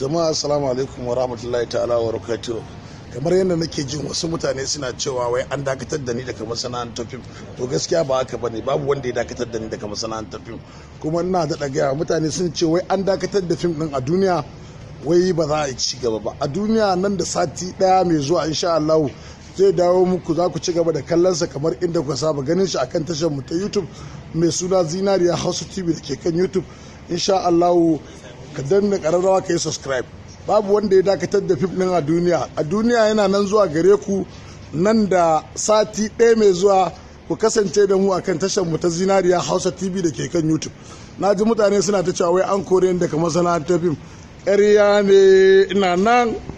jama'a assalamu alaikum wa rahmatullahi ta'ala wa kamar yadda nake jin wasu mutane suna cewa wai an dakatar da ni daga masana'antar fim to gaskiya ba haka bane babu wanda ya dakatar da ni daga masana'antar fim kuma ina daɗa gaya mutane sun ce wai an dakatar da fim ɗin a duniya wai ba za a ci gaba ba a duniya nan da sati ɗaya mai zuwa insha Allah zai dawo muku za ku ci gaba da kallonsa kamar inda kuka saba ganin shi akan tashar mu ta YouTube mai suna Zinariya Hausa TV da ke kan YouTube insha Allah ka danna kararrawa ka yi subscribe babu wanda ya dakatar da fim ɗin a duniya a duniya yana nan zuwa gare ku nan da sati ɗaya mai zuwa ku kasance da mu akan tashar mu ta zinariya hausa tv da ke kan youtube na ji mutane suna ta cewa wai an kore daga ta fim ƙarya ne ina nan